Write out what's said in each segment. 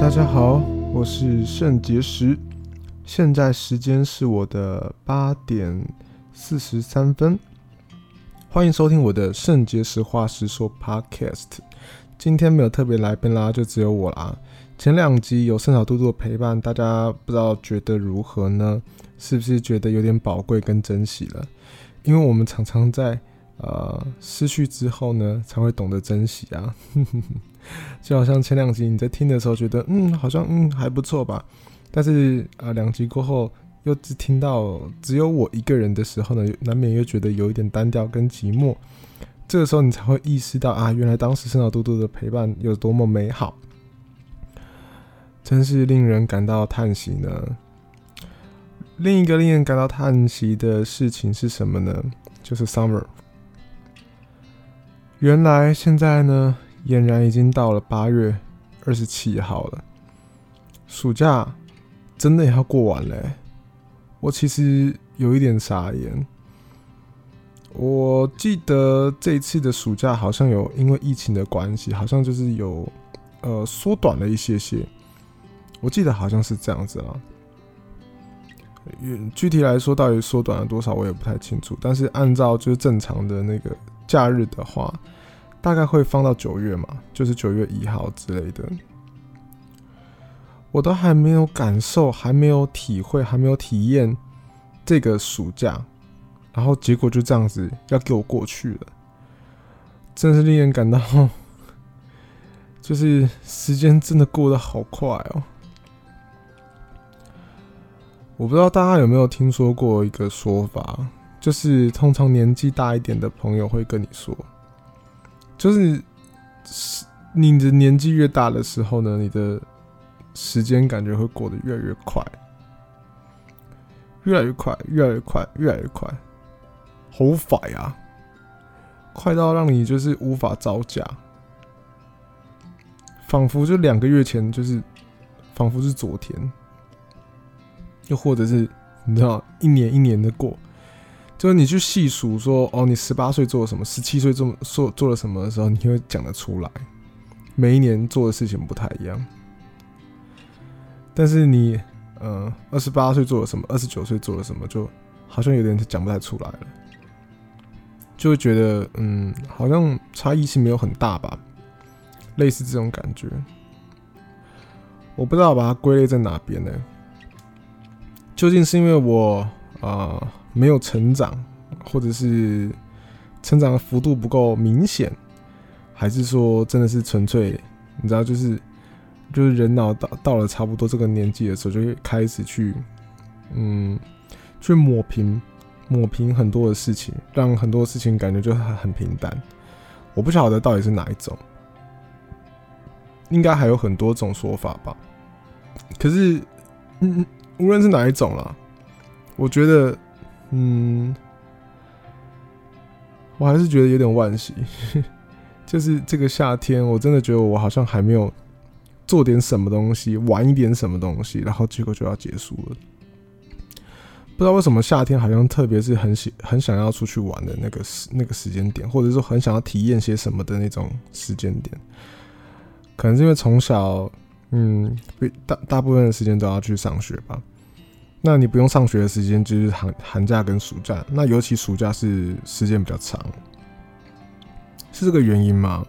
大家好，我是聖結石，現在時間是我的八點四十三分，歡迎收聽我的聖結石話實說 Podcast。今天沒有特別來賓啦，就只有我啦。前兩集有聖小度度的陪伴，大家不知道覺得如何呢？是不是覺得有點寶貴跟珍惜了？因為我們常常在呃失去之後呢，才會懂得珍惜啊。 就好像前兩集你在聽的時候覺得，嗯，好像嗯還不錯吧，但是啊，兩集過後又只聽到只有我一個人的時候呢，難免又覺得有一點單調跟寂寞。這個時候你才會意識到啊，原來當時生老多多的陪伴有多麼美好，真是令人感到嘆息呢。另一個令人感到嘆息的事情是什麼呢？就是 Summer。原來現在呢，儼然已經到了八月二十七號了，暑假真的要過完了。欸，我其實有一點傻眼。我記得這一次的暑假好像有因為疫情的關係，好像就是有呃縮短了一些些。我記得好像是這樣子啦，具體來說到底縮短了多少我也不太清楚，但是按照就是正常的那個假日的話。大概會放到九月嘛，就是九月一號之類的。我都還沒有感受，還沒有體會，還沒有體驗這個暑假，然後結果就這樣子要給我過去了，真是令人感到，就是時間真的過得好快哦。我不知道大家有沒有聽說過一個說法，就是通常年紀大一點的朋友會跟你說。就是你，是你的年紀越大的時候呢，你的時間感覺會過得越來越快，越來越快，越來越快，越來越快，好快啊！快到讓你就是無法招架，仿佛就兩個月前，就是仿佛是昨天，又或者是你知道，一年一年的過。就是你去細數說，哦，你十八歲做了什麼，十七歲做做了什麼的時候，你會講得出來。每一年做的事情不太一樣，但是你，嗯、呃，二十八歲做了什麼，二十九歲做了什麼，就好像有點講不太出來了，就會覺得，嗯，好像差異性沒有很大吧，類似這種感覺。我不知道把它歸類在哪邊呢，究竟是因為我。啊、呃，沒有成長，或者是成長的幅度不夠明顯，還是說真的是純粹？你知道、就是，就是就是人腦到到了差不多這個年紀的時候，就會開始去嗯，去抹平抹平很多的事情，讓很多事情感覺就很平淡。我不曉得到底是哪一種，應該還有很多種說法吧。可是，嗯，無論是哪一種啦。我覺得，嗯，我還是覺得有點惋惜，呵呵，就是這個夏天，我真的覺得我好像還沒有做點什麼東西，玩一點什麼東西，然後結果就要結束了。不知道為什麼夏天好像特別是很喜很想要出去玩的那個時那個時間點，或者說很想要體驗些什麼的那種時間點，可能是因為從小，嗯，大大部分的時間都要去上學吧。那你不用上學的時間就是寒寒假跟暑假，那尤其暑假是時間比較長，是這個原因嗎？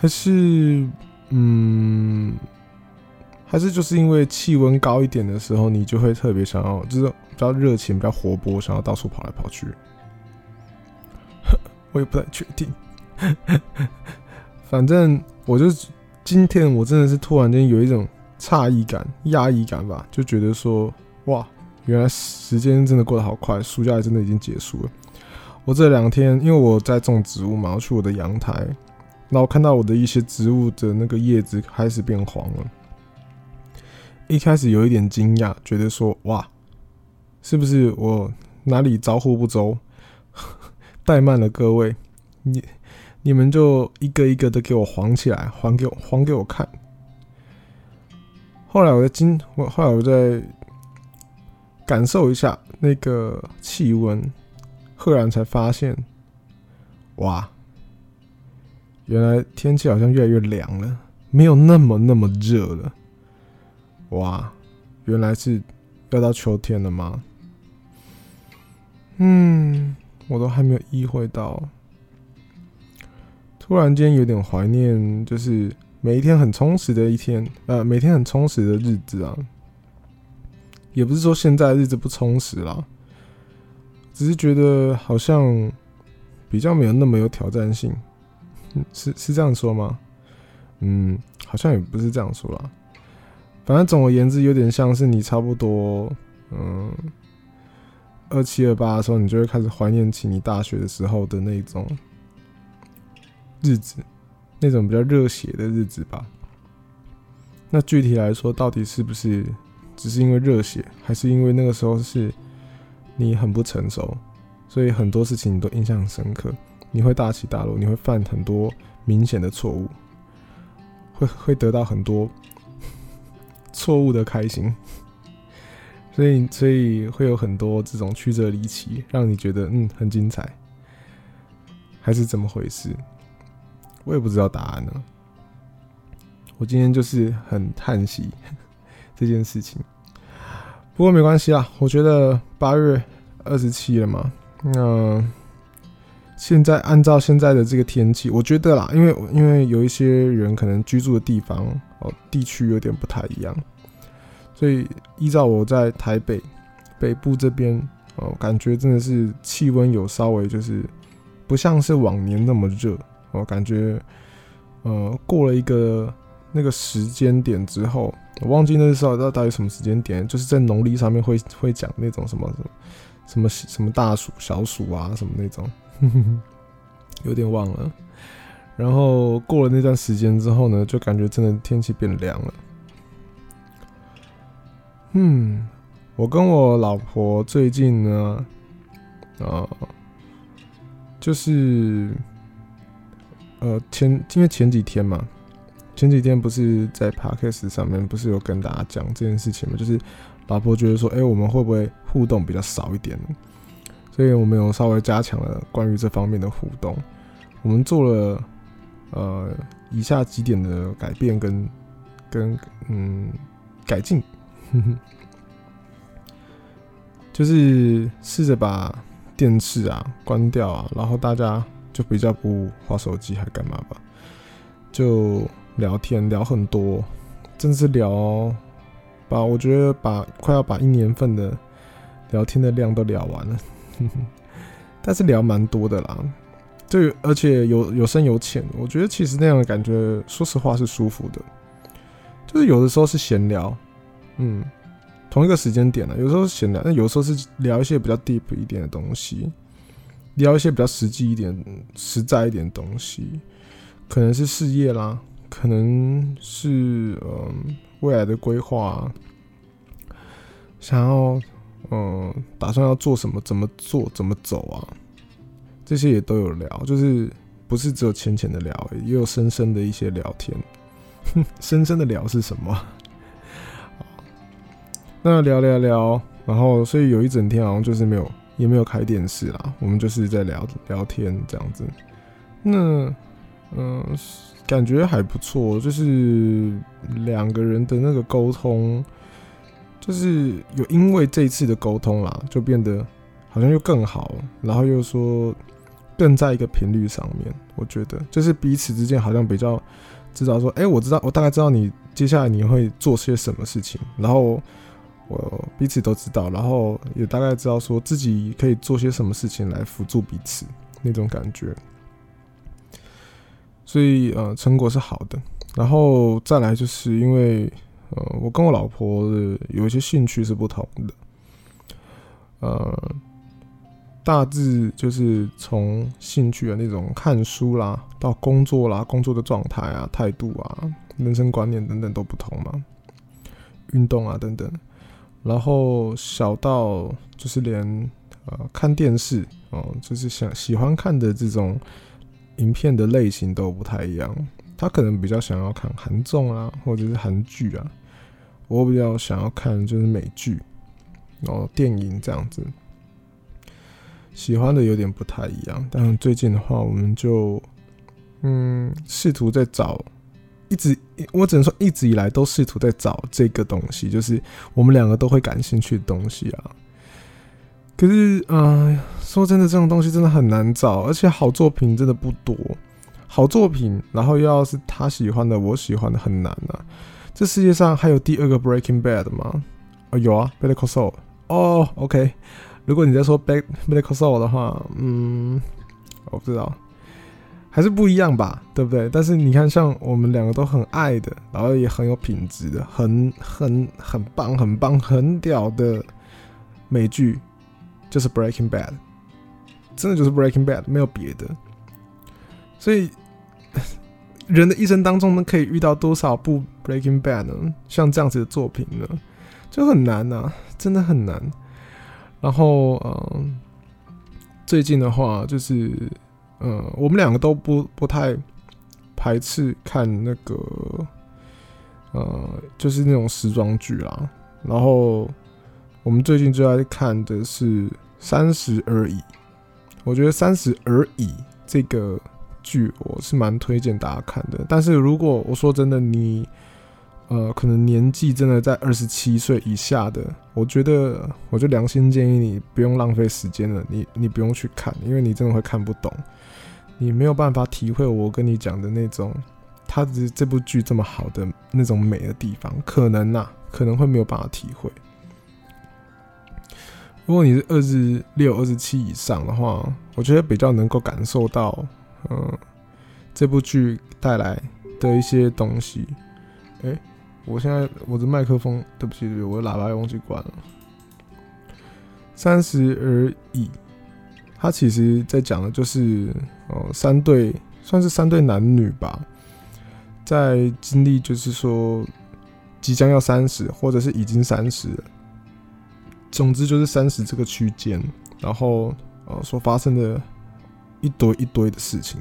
還是嗯，還是就是因為氣溫高一點的時候，你就會特別想要，就是比較熱情、比較活潑，想要到處跑來跑去。 我也不太確定， 反正我就今天我真的是突然間有一種詫異感、壓抑感吧，就覺得說。哇，原來時間真的過得好快，暑假也真的已經結束了。我這兩天因為我在種植物嘛，我去我的陽台，然後看到我的一些植物的那個葉子開始變黃了。一開始有一點驚訝，覺得說哇，是不是我哪裡招呼不周？ 怠慢了各位，你你們就一個一個的給我黃起來，黃給我，黃給我看。後來我在今，我後來我在。感受一下那個氣溫，赫然才發現，哇！原來天氣好像越來越涼了，沒有那麼那麼熱了。哇，原來是要到秋天了嗎？嗯，我都還沒有意會到。突然間有點懷念，就是每一天很充實的一天，呃，每天很充實的日子啊。也不是說現在日子不充實啦，只是覺得好像比較沒有那麼有挑戰性，是是這樣說嗎？嗯，好像也不是這樣說啦。反正總而言之，有點像是你差不多嗯二七二八的時候，你就會開始懷念起你大學的時候的那種日子，那種比較熱血的日子吧。那具體來說，到底是不是？只是因為熱血，還是因為那個時候是你很不成熟，所以很多事情你都印象很深刻，你會大起大落，你會犯很多明顯的錯誤，會會得到很多錯 誤的開心，所以所以會有很多這種曲折離奇，讓你覺得嗯很精彩，還是怎麼回事？我也不知道答案呢。我今天就是很嘆息。這件事情，不過沒關係啦。我覺得八月二十七了嘛、呃，那現在按照現在的這個天氣，我覺得啦，因為因為有一些人可能居住的地方哦、喔，地區有點不太一樣，所以依照我在台北北部這邊哦，感覺真的是氣溫有稍微就是不像是往年那麼熱，我感覺呃過了一個。那個時間點之後，我忘記那時候到大約什麼時間點，就是在農曆上面會會講那種什麼什麼什麼什麼大暑小暑啊什麼那種，呵呵有點忘了。然後過了那段時間之後呢，就感覺真的天氣變涼了。嗯，我跟我老婆最近呢，呃，就是呃前今天前幾天嘛。前幾天不是在 podcast 上面不是有跟大家講這件事情嗎？就是老婆覺得說，哎、欸，我們會不會互動比較少一點呢？所以我們有稍微加強了關於這方面的互動。我們做了呃以下幾點的改變跟跟嗯改進， 就是試着把電視啊關掉啊，然後大家就比較不滑手機還幹嘛吧？就。聊天聊很多，真是聊，把我覺得把快要把一年份的聊天的量都聊完了，呵呵，但是聊蠻多的啦。就，而且有有深有淺，我覺得其實那樣的感覺，說實話是舒服的。就是有的時候是閒聊，嗯，同一個時間點呢，有的時候閒聊，那有的時候是聊一些比較 deep 一點的東西，聊一些比較實際一點、實在一點的東西，可能是事業啦。可能是嗯、呃，未來的規劃，想要嗯、呃、打算要做什麼，怎麼做，怎麼走啊？這些也都有聊，就是不是只有淺淺的聊也，也有深深的一些聊天呵呵。深深的聊是什麼？那聊聊聊，然後所以有一整天好像就是沒有也沒有開電視啦。我們就是在聊聊天這樣子。那。嗯，感覺還不錯，就是兩個人的那個溝通，就是有因為這一次的溝通啦，就變得好像又更好，然後又說更在一個頻率上面。我覺得就是彼此之間好像比較知道說，欸，我知道，我大概知道你接下來你會做些什麼事情，然後我彼此都知道，然後也大概知道說自己可以做些什麼事情來輔助彼此那種感覺。所以呃，成果是好的。然後再來，就是因為呃，我跟我老婆有一些興趣是不同的。呃，大致就是從興趣的那種看書啦，到工作啦，工作的狀態啊、態度啊、人生觀念等等都不同嘛。運動啊等等，然後小到就是連呃看電視哦，呃，就是想喜歡看的這種。影片的類型都不太一樣，他可能比較想要看韓綜啊，或者是韓劇啊。我比較想要看就是美劇，然後電影這樣子，喜歡的有點不太一樣。但是最近的話，我們就嗯，試圖在找，一直我只能說一直以來都試圖在找這個東西，就是我們兩個都會感興趣的東西啊。可是，啊、嗯，說真的，這種東西真的很難找，而且好作品真的不多。好作品，然後又要是他喜歡的，我喜歡的，很難吶、啊。這世界上還有第二個《Breaking Bad》嗎？啊、哦，有啊，《Better Call Saul》哦。OK，如果你在說、b《Better Call Saul》的話，嗯，我不知道，還是不一樣吧，對不對？但是你看，像我們兩個都很愛的，然後也很有品質的，很很很棒、很棒、很棒、很屌的美劇。就是《Breaking Bad》，真的就是《Breaking Bad》，沒有別的。所以，人的一生當中呢，能可以遇到多少部《Breaking Bad》呢？像這樣子的作品呢，就很難啊，真的很難。然後，嗯、呃，最近的話，就是，嗯、呃，我們兩個都不不太排斥看那個，呃，就是那種時裝劇啦。然後。我們最近最愛看的是《三十而已》，我覺得《三十而已》這個劇我是蠻推薦大家看的。但是如果我說真的，你呃，可能年紀真的在二十七歲以下的，我覺得，我就良心建議你不用浪費時間了，你你不用去看，因為你真的會看不懂，你沒有辦法體會我跟你講的那種，它只是這部劇這麼好的那種美的地方，可能吶、啊，可能會沒有辦法體會。如果你是二十六、二十七以上的話，我覺得比較能夠感受到，嗯，這部劇帶來的一些東西。誒、欸，我現在我的麥克風，對不起，對不起，我的喇叭忘記關了。三十而已，它其實在講的就是，呃、嗯，三對，算是三對男女吧，在經歷，就是說，即將要三十，或者是已經三十了。總之就是三十這個區間，然後呃所發生的一堆一堆的事情，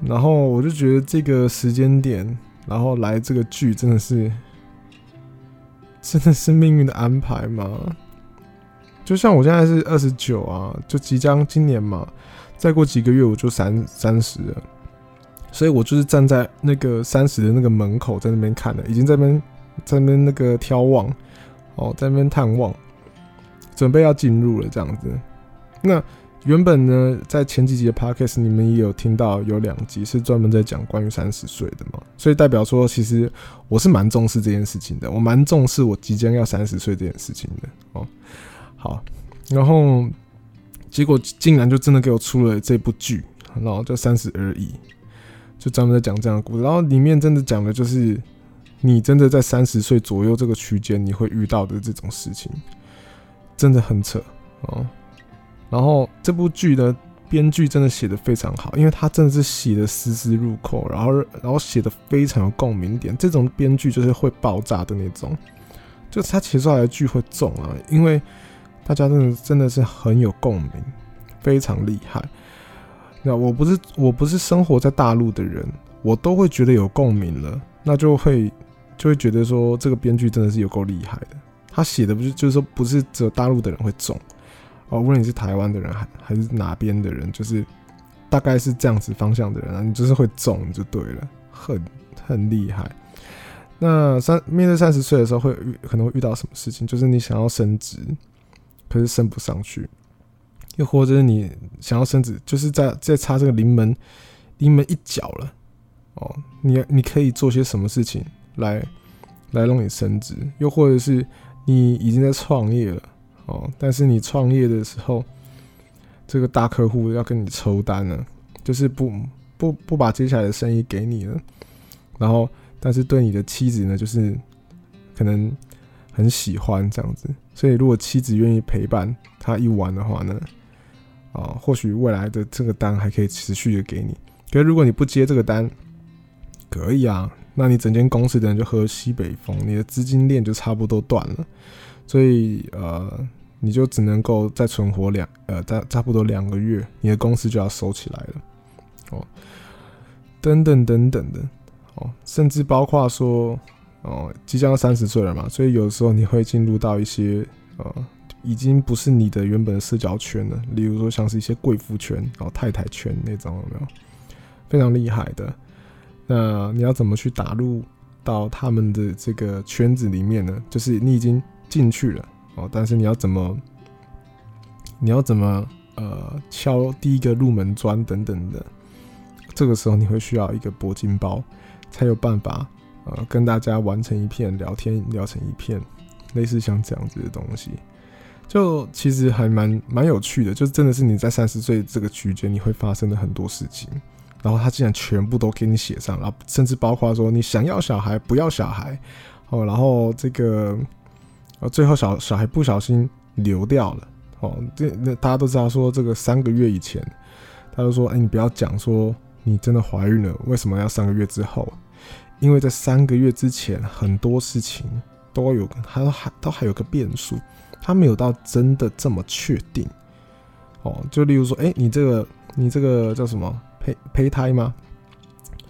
然後我就覺得這個時間點，然後來這個劇真的是真的是命運的安排嗎？就像我現在是二十九啊，就即將今年嘛，再過幾個月我就三三十了，所以我就是站在那個三十的那個門口，在那邊看了，已經在那邊在那邊那個眺望。哦，在那邊探望，準備要進入了這樣子。那原本呢，在前幾集的 podcast 你們也有聽到，有兩集是專門在講關於三十歲的嘛，所以代表說，其實我是蠻重視這件事情的，我蠻重視我即將要三十歲這件事情的。哦，好，然後結果竟然就真的給我出了這部劇，然後就三十而已，就專門在講這樣的故事，然後裡面真的講的就是。你真的在三十歲左右這個區間，你會遇到的這種事情，真的很扯啊、哦！然後這部劇的編劇真的寫得非常好，因為他真的是寫得絲絲入扣，然後然後寫得非常有共鳴點。這種編劇就是會爆炸的那種，就是他寫出來的劇會重啊，因為大家真的真的是很有共鳴，非常厲害。那我不是我不是生活在大陸的人，我都會覺得有共鳴了，那就會。就會覺得說，這個編劇真的是有夠厲害的，他寫的不是就是說不是只有大陸的人會中哦，無論你是台灣的人還還是哪邊的人，就是大概是這樣子方向的人，啊，你就是會中就對了，很很厲害。那三面對三十歲的時候，會遇可能會遇到什麼事情？就是你想要升職，可是升不上去，又或者是你想要升職，就是在在差這個臨門臨門一腳了哦，喔，你你可以做些什麼事情？來，來弄你升職，又或者是你已經在創業了哦，但是你創業的時候，這個大客戶要跟你抽單了、啊，就是不不不把接下來的生意給你了，然後，但是對你的妻子呢，就是可能很喜歡這樣子，所以如果妻子願意陪伴他一晚的話呢，啊、哦，或許未來的這個單還可以持續的給你，可是如果你不接這個單，可以啊。那你整間公司的人就喝西北風，你的資金鏈就差不多斷了，所以呃，你就只能夠再存活兩呃，大差不多兩個月，你的公司就要收起來了哦。等等等等的哦，甚至包括說哦，即將三十歲了嘛，所以有時候你會進入到一些呃，已經不是你的原本的社交圈了，例如說像是一些貴婦圈哦、太太圈那種有沒有？非常厲害的。那你要怎麼去打入到他們的這個圈子裡面呢？就是你已經進去了哦、喔，但是你要怎麼，你要怎麼呃敲第一個入門磚等等的，這個時候你會需要一個鉑金包，才有辦法呃跟大家玩成一片，聊天聊成一片，類似像這樣子的東西，就其實還蠻蠻有趣的，就真的是你在三十歲這個區間，你會發生的很多事情。然後他竟然全部都給你寫上了，甚至包括說你想要小孩不要小孩，哦，然後這個，最後小小孩不小心流掉了，哦，這那大家都知道說這個三個月以前，他就說，哎，你不要講說你真的懷孕了，為什麼要三個月之後啊？因為在三個月之前很多事情都有，都還還都還有個變數，他沒有到真的這麼確定，哦，就例如說，哎，你這個你這個叫什麼？欸、胚胎嗎？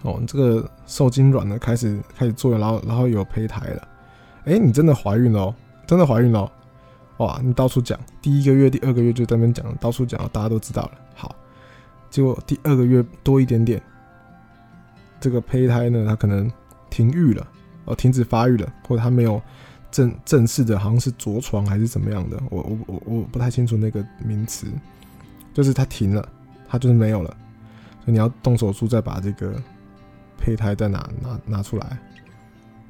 哦、喔，這個受精卵呢，開始開始做了，然後然後有胚胎了、欸。哎，你真的懷孕了、喔？真的懷孕了、喔？哇，你到處講，第一個月、第二個月就在那邊講，到處講，大家都知道了。好，結果第二個月多一點點，這個胚胎呢，它可能停育了，哦、喔，停止發育了，或者它沒有正正式的好像是着床還是怎麼樣的，我我我我不太清楚那個名詞，就是它停了，它就是沒有了。你要動手術，再把這個胚胎再拿拿拿出來，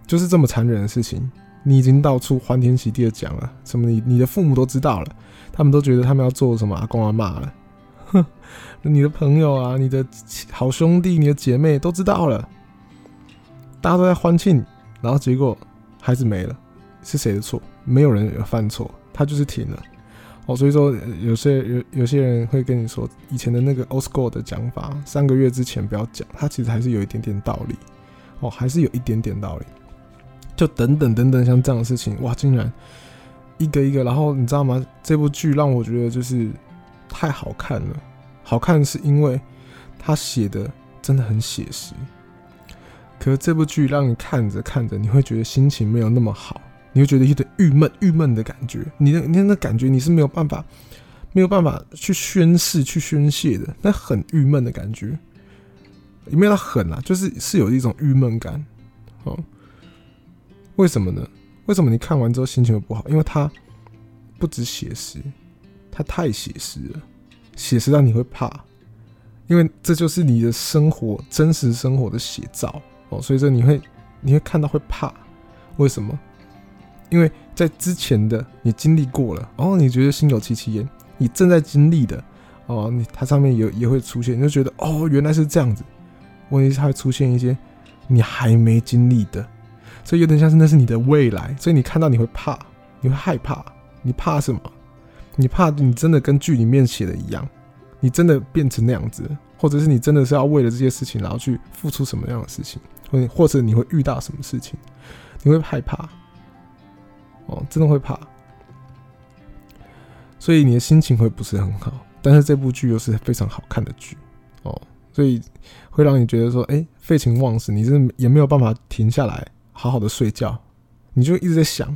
就是這麼殘忍的事情。你已經到處歡天喜地的講了，什麼你你的父母都知道了，他們都覺得他們要做什麼阿公阿媽了，哼，你的朋友啊，你的好兄弟，你的姐妹都知道了，大家都在歡慶，然後結果孩子沒了，是誰的錯？沒有人犯錯，他就是停了。哦，所以說有些有有些人會跟你說，以前的那個 Old School 的講法，三個月之前不要講，它其實還是有一點點道理。哦，還是有一點點道理。就等等等等，像這樣的事情，哇，竟然一個一個。然後你知道嗎？這部劇讓我覺得就是太好看了。好看是因為他寫的真的很寫實。可是這部劇讓你看着看着，你會覺得心情沒有那麼好。你會覺得有點鬱悶，鬱悶的感覺。你的你的感覺，你是沒有辦法，沒有辦法去宣洩去宣泄的。那很鬱悶的感覺，也沒有很啊，就是是有一種鬱悶感。哦，為什麼呢？為什麼你看完之後心情會不好？因為它不止寫實，它太寫實了，寫實讓你會怕，因為這就是你的生活、真實生活的寫照。哦，所以說你會你會看到會怕，為什麼？因為在之前的你經歷過了，哦，你覺得心有戚戚焉。你正在經歷的，哦，你它上面也也會出現，你就覺得哦，原來是這樣子。問題是它會出現一些你還沒經歷的，所以有點像是那是你的未來。所以你看到你會怕，你會害怕，你怕什麼？你怕你真的跟劇裡面寫的一樣，你真的變成那樣子，或者是你真的是要為了這些事情然後去付出什麼樣的事情，或者或者你會遇到什麼事情，你會害怕。哦，喔、真的會怕，所以你的心情會不是很好。但是這部劇又是非常好看的劇，哦，所以會讓你覺得說，哎，廢寢忘食，你這也沒有辦法停下來好好的睡覺，你就一直在想，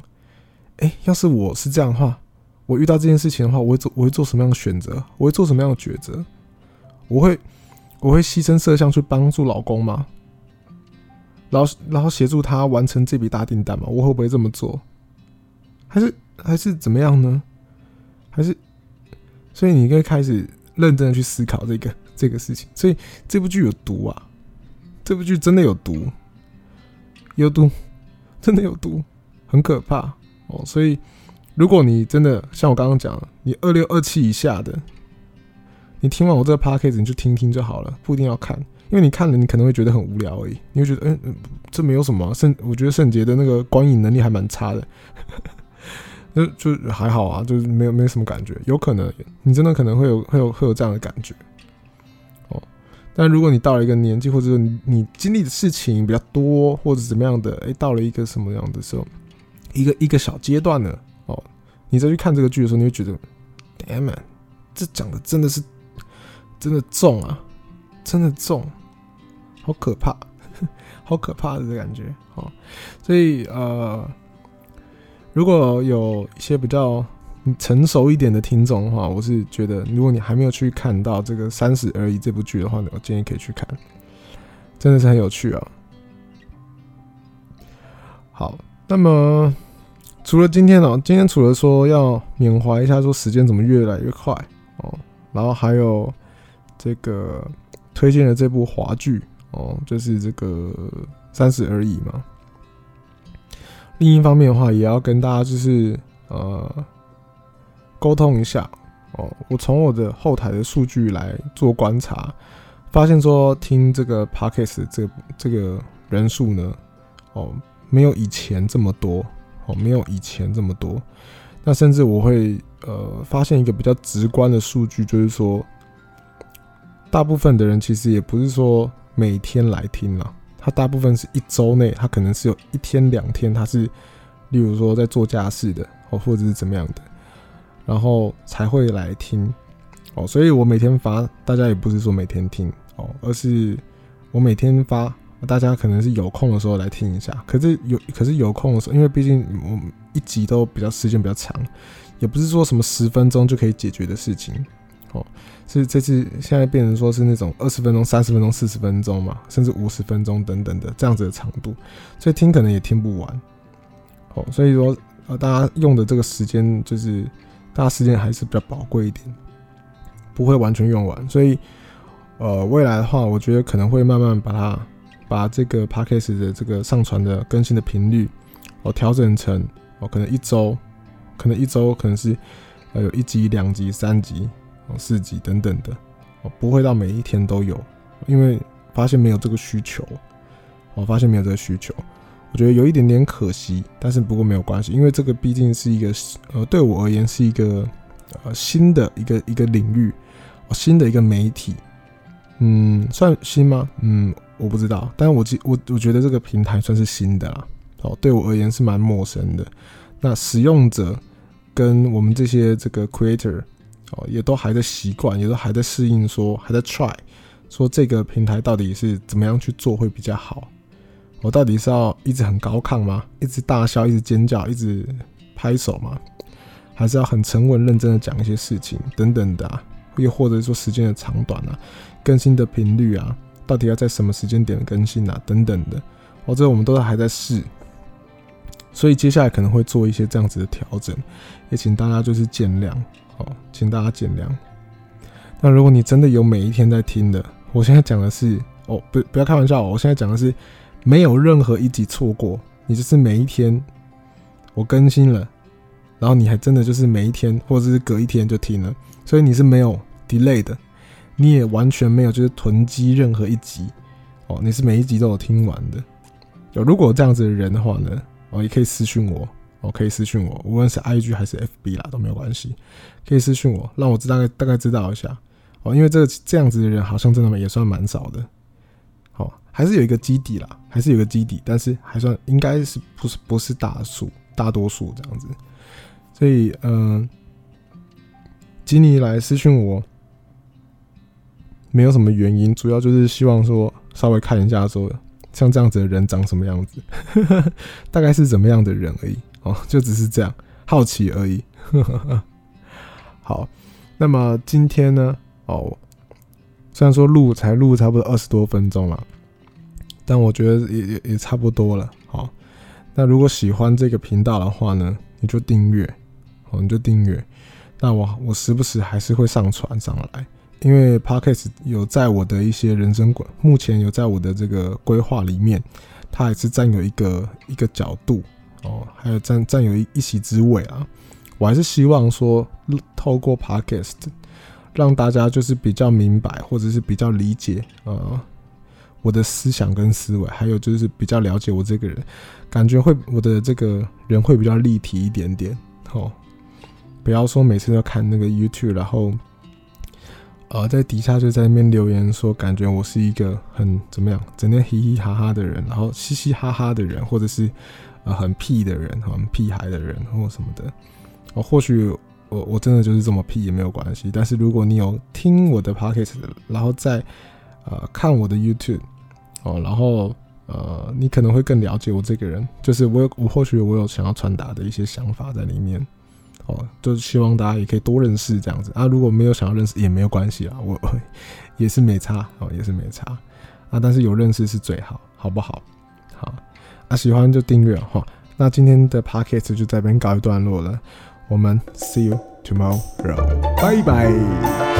哎，要是我是這樣的話，我遇到這件事情的話，我會做，我會做什麼樣的選擇？我會做什麼樣的抉擇？我會，我會犧牲色相去幫助老公嗎？然後，然後協助他完成這筆大訂單嗎？我會不會這麼做？還是還是怎麼樣呢？還是，所以你應該開始認真的去思考這個這個事情。所以這部劇有毒啊！這部劇真的有毒，有毒，真的有毒，很可怕哦！所以如果你真的像我剛剛講，你二六二七以下的，你聽完我這個 podcast 你就聽聽就好了，不一定要看，因為你看了你可能會覺得很無聊而已。你會覺得，哎、欸嗯，這沒有什麼聖，我覺得聖杰的那個觀影能力還蠻差的。 就就還好啊，就是沒有沒有什麼感覺。有可能你真的可能會有會有會有這樣的感覺哦。但如果你到了一個年紀，或者是你，你經歷的事情比較多，或者怎麼樣的，哎、欸，到了一個什麼樣的時候，一個一個小階段呢？哦，你再去看這個劇的時候，你會覺得，Damn，這講的真的是真的重啊，真的重，好可怕， 好可怕的這感覺。哦，所以呃。如果有一些比較成熟一點的聽眾的話，我是覺得，如果你還沒有去看到這個《三十而已》這部劇的話呢，我建議可以去看，真的是很有趣啊。好，那麼除了今天哦，今天除了說要緬懷一下，說時間怎麼越來越快哦，然後還有這個推薦的這部華劇哦，就是這個《三十而已》嘛。另一方面的話，也要跟大家就是呃溝通一下哦。我從我的後台的數據來做觀察，發現說聽這個 p o c c a g t 這個、這個人數呢，哦，沒有以前這麼多哦，沒有以前這麼多。那甚至我會呃發現一個比較直觀的數據，就是說大部分的人其實也不是說每天來聽了。它大部分是一周內，它可能是有一天兩天，它是，例如說在做家事的哦，或者是怎麼樣的，然後才會來聽哦，所以我每天發，大家也不是說每天聽哦，而是我每天發，大家可能是有空的時候來聽一下，可是有可是有空的時候，因為畢竟我們一集都比較時間比較長，也不是說什麼十分鐘就可以解決的事情。哦，是這次現在變成說是那種二十分鐘、三十分鐘、四十分鐘嘛，甚至五十分鐘等等的這樣子的長度，所以聽可能也聽不完。哦，所以說呃，大家用的這個時間就是大家時間還是比較寶貴一點，不會完全用完。所以呃，未來的話，我覺得可能會慢慢把它把這個 podcast 的這個上傳的更新的頻率哦調整成哦，可能一周，可能一周可能是呃有一集、兩集、三集。四級、哦、等等的，哦，不會到每一天都有，因為發現沒有這個需求，我、哦、發現沒有這個需求，我覺得有一點點可惜，但是不過沒有關係，因為這個畢竟是一個，呃，對我而言是一個，呃，新的一個一個領域、哦，新的一個媒體，嗯，算新嗎？嗯，我不知道，但我覺我我覺得這個平台算是新的啦，哦，對我而言是蠻陌生的，那使用者跟我們這些這個 creator。哦，也都還在習慣，也都還在適應說，說還在 try，說這個平台到底是怎麼樣去做會比較好？我、哦、到底是要一直很高亢嗎？一直大笑，一直尖叫，一直拍手嗎？還是要很沉穩、認真的講一些事情等等的、啊？又或者說時間的長短啊，更新的頻率啊，到底要在什麼時間點更新啊等等的？哦，這個、我們都還在試，所以接下來可能會做一些這樣子的調整，也請大家就是見諒。請大家見諒。那如果你真的有每一天在聽的，我現在講的是哦，不，不要開玩笑哦，我現在講的是沒有任何一集錯過，你就是每一天我更新了，然後你還真的就是每一天或者是隔一天就聽了，所以你是沒有 delay 的，你也完全沒有就是囤積任何一集哦，你是每一集都有聽完的。有，如果這樣子的人的話呢，哦，也可以私訊我。哦，可以私訊我，無論是 IG 還是 FB 啦，都沒有關係，可以私訊我，讓我知道大概大概知道一下哦、喔。因為這個這樣子的人，好像真的也算蠻少的。哦、喔，還是有一個基底啦，還是有個基底，但是還算應該是不是不是大數大多數這樣子。所以，嗯、呃，今尼來私訊我，沒有什麼原因，主要就是希望說稍微看一下，說像這樣子的人長什麼樣子， 大概是怎麼樣的人而已。哦，就只是這樣好奇而已。呵呵呵。好，那麼今天呢？哦，雖然說錄才錄差不多二十多分鐘了，但我覺得也也也差不多了。好、哦，那如果喜歡這個頻道的話呢，你就訂閱，好、哦，你就訂閱。那我我時不時還是會上傳上來，因為 Podcast 有在我的一些人生，目前有在我的這個規劃裡面，它還是佔有一個一個角度。哦，還有占占有一,一席之位啊！我還是希望說，透過 Podcast，讓大家就是比較明白，或者是比較理解啊、呃、我的思想跟思維，還有就是比較了解我這個人，感覺會我的這個人會比較立體一點點。哦。不要說每次都看那個 YouTube，然後，呃，在底下就在那邊留言說，感覺我是一個很怎麼樣，整天嘻嘻哈哈的人，然後嘻嘻哈哈的人，或者是。啊，呃、很屁的人，很屁孩的人，或什麼的。或許我我真的就是這麼屁也沒有關係。但是如果你有聽我的 podcast 然後再呃看我的 YouTube，哦，然後呃你可能會更了解我這個人。就是我有我或許我有想要傳達的一些想法在裡面，哦，就是希望大家也可以多認識這樣子。啊，如果沒有想要認識也沒有關係啊，我也是沒差哦，也是沒差。啊，但是有認識是最好，好不好？好。啊，喜歡就訂閱哦！哈，那今天的 podcast 就在這邊告一段落了。我們 see you tomorrow，拜拜。